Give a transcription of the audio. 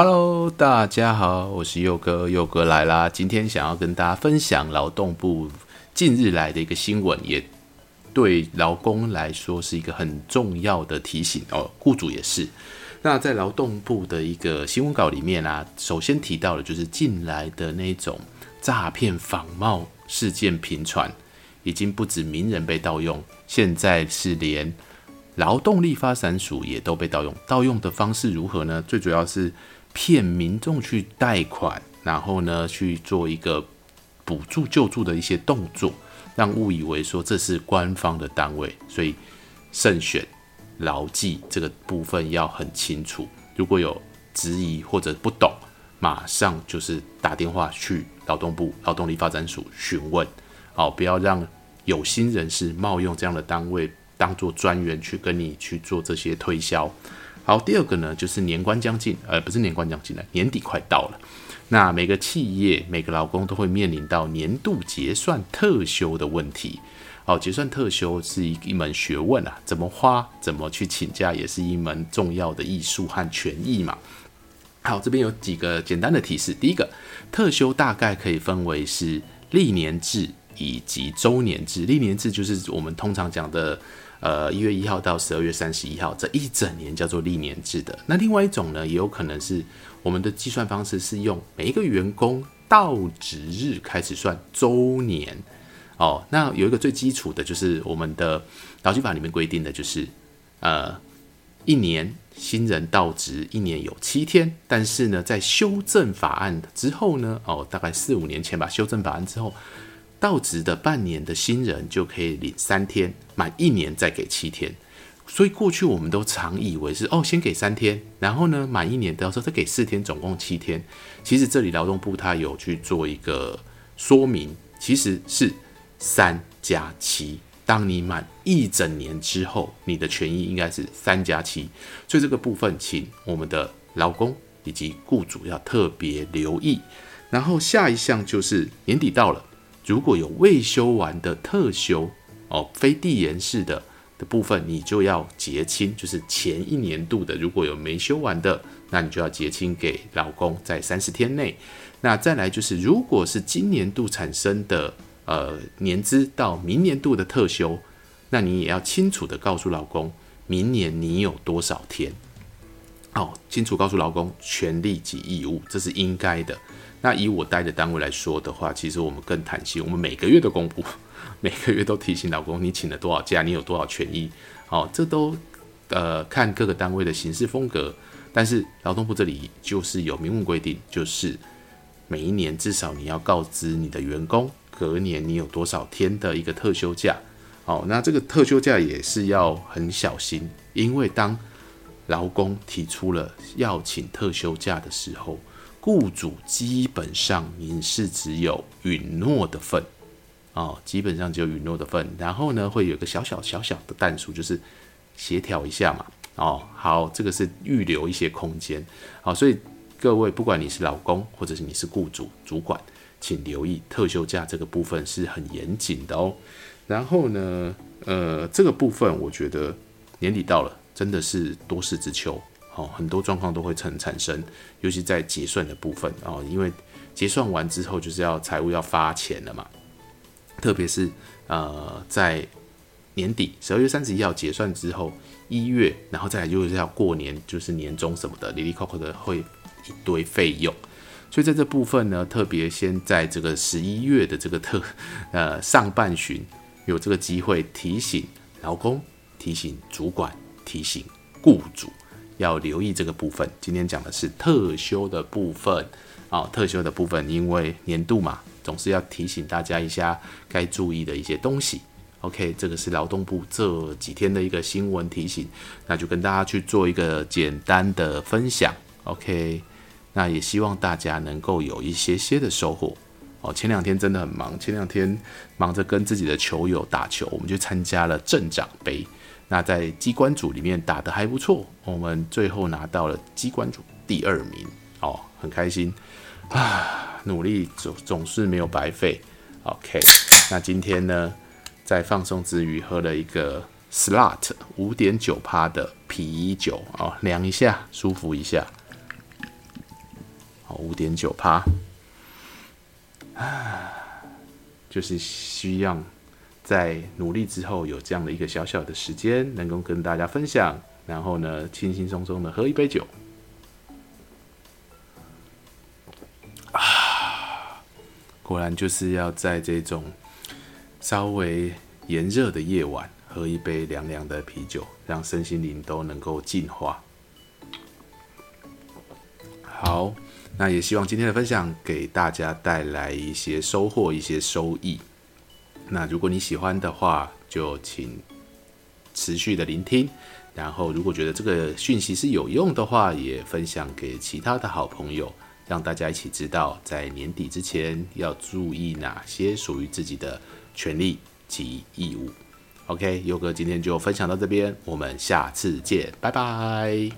Hello，大家好，我是佑哥，佑哥來啦。今天想要跟大家分享勞動部近日來的一個新聞，也對勞工來說是一個很重要的提醒哦。僱主也是。那在勞動部的一個新聞稿裡面啊，首先提到的就是近來的那種詐騙仿冒事件頻傳，已經不止名人被盜用，現在是連勞動力發展署也都被盜用。盜用的方式如何呢？最主要是。騙民眾去貸款，然後呢，去做一個補助救助的一些動作，讓誤以為說這是官方的單位，所以慎選，牢記這個部分要很清楚。如果有質疑或者不懂，馬上就是打電話去勞動部勞動力發展署詢問。好，不要讓有心人士冒用這樣的單位當做專員去跟你去做這些推銷。好，第二個呢，就是年關將近，呃，不是年關將近了，年底快到了，那每個企業、每個勞工都會面臨到年度結算特休的問題。好，結算特休是一一門學問啊，怎麼花、怎麼去請假，也是一門重要的藝術和權益嘛。好，這邊有幾個簡單的提示，第一個，特休大概可以分為是歷年制以及周年制。歷年制就是我們通常講的。呃，一月一號到十二月三十一號這一整年叫做曆年制的。那另外一種呢，也有可能是我們的計算方式是用每一個員工到職日開始算周年。哦，那有一個最基礎的，就是我們的勞基法裡面規定的，就是呃，一年新人到職一年有七天。但是呢，在修正法案之後呢，哦，大概四五年前吧，修正法案之後。到職的半年的新人就可以領三天，滿一年再給七天，所以過去我們都常以為是哦，先給三天，然後呢滿一年都要說再給四天，總共七天。其實這裡勞動部他有去做一個說明，其實是三加七。當你滿一整年之後，你的權益應該是三加七。所以這個部分，請我們的勞工以及雇主要特別留意。然後下一項就是年底到了。如果有未休完的特休，哦，非遞延式的的部分，你就要結清，就是前一年度的。如果有沒休完的，那你就要結清給勞工，在三十天內。那再來就是，如果是今年度產生的，呃，年資到明年度的特休，那你也要清楚地告訴勞工，明年你有多少天。哦，清楚告訴勞工權利及義務，這是應該的。那以我待的單位來說的話，其實我們更彈性。我們每個月都公布，每個月都提醒老公你請了多少假，你有多少權益。好、哦，這都呃看各個單位的行事風格，但是勞動部這裡就是有明文規定，就是每一年至少你要告知你的員工，隔年你有多少天的一個特休假。好、哦，那這個特休假也是要很小心，因為當勞工提出了要請特休假的時候，雇主基本上您是只有允諾的份，哦，基本上只有允諾的份。然後呢，會有個小小小小的彈數，就是協調一下嘛，哦，好，這個是預留一些空間，好，所以各位，不管你是勞工或者是你是雇主主管，請留意特休假這個部分是很嚴謹的哦。然後呢，呃，這個部分我覺得年底到了，真的是多事之秋。哦，很多狀況都會產產生，尤其在結算的部分哦，因為結算完之後就是要財務要發錢了嘛。特別是呃，在年底十二月三十一號結算之後，一月，然後再來就是要過年，就是年終什麼的，哩哩扣扣的會一堆費用，所以在這部分呢，特別先在這個十一月的這個特呃上半旬，有這個機會提醒勞工、提醒主管、提醒雇主。要留意這個部分。今天講的是特休的部分，啊、哦，特休的部分，因為年度嘛，總是要提醒大家一下該注意的一些東西。OK，這個是勞動部這幾天的一個新聞提醒，那就跟大家去做一個簡單的分享。OK，那也希望大家能夠有一些些的收穫。哦，前兩天真的很忙，前兩天忙着跟自己的球友打球，我們去參加了鎮長杯。那在機關組裡面打得還不錯，我們最後拿到了機關組第二名，哦，很開心，啊，努力總總是沒有白費，OK。那今天呢，在放鬆之餘喝了一個 slot 五點九趴的啤酒，哦，涼一下，舒服一下，五點九趴，啊，就是需要。在努力之後，有這樣的一個小小的時間，能夠跟大家分享，然後呢，輕輕鬆鬆的喝一杯酒啊，果然就是要在這種稍微炎熱的夜晚，喝一杯涼涼的啤酒，讓身心靈都能夠淨化。好，那也希望今天的分享給大家帶來一些收穫，一些收益。那如果你喜歡的話，就請持續的聆聽。然後，如果覺得這個訊息是有用的話，也分享給其他的好朋友，讓大家一起知道，在年底之前要注意哪些屬於自己的權利及義務。OK，佑哥今天就分享到這邊，我們下次見，拜拜。